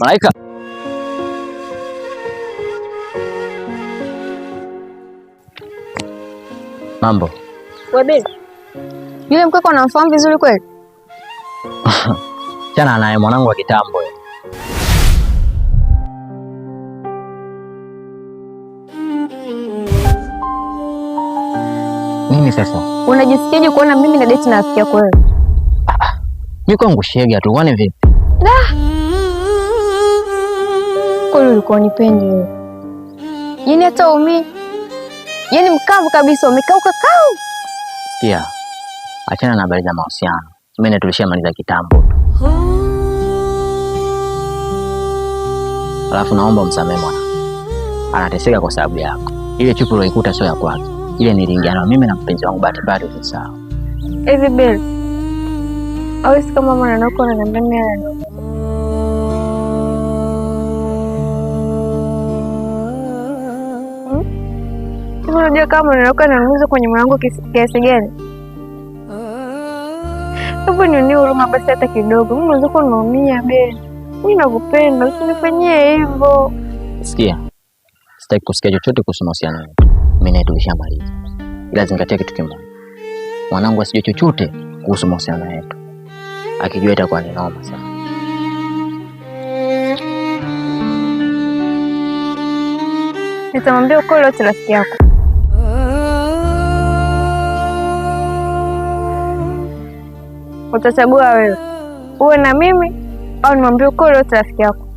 Malaika mambo, yule yule na mfamu vizuri kweli? Chana naye mwanangu wa kitambo. Nini sasa? Unajisikiaje kuona mimi na date na rafiki yako wewe? Ah, mimi ah. kwangu shega tu, kwani vipi? kweli ulikuwa unipendi wewe. Yaani hata umi. Yaani mkavu kabisa umekauka kau. Sikia. Achana na habari za mahusiano. Mimi mali za kitambo. Alafu naomba msamehe mwana. Anateseka kwa sababu yako. Ile chupa uliyokuta sio ya kwake. Ile niliingiana mimi na mpenzi wangu bahati mbaya tu sawa. Hivi Bell. Au si kama mwanangu ananiambia Hivi unajua kama unaweka na nunuzi kwenye moyo wangu kiasi gani? Hebu nionie huruma basi hata kidogo. Mimi mwenzako naumia Ben. Mimi nakupenda, usinifanyie hivyo. Sikia. Sitaki kusikia chochote kuhusu mahusiano yetu. Mimi naye tulishamaliza. Ila zingatia kitu kimoja. Mwanangu asijue chochote kuhusu mahusiano yetu. Akijua itakuwa ni noma sana. Nitamwambia ukweli wote rafiki yako. Utachagua wewe, uwe na mimi au nimwambie ukweli wote rafiki yako.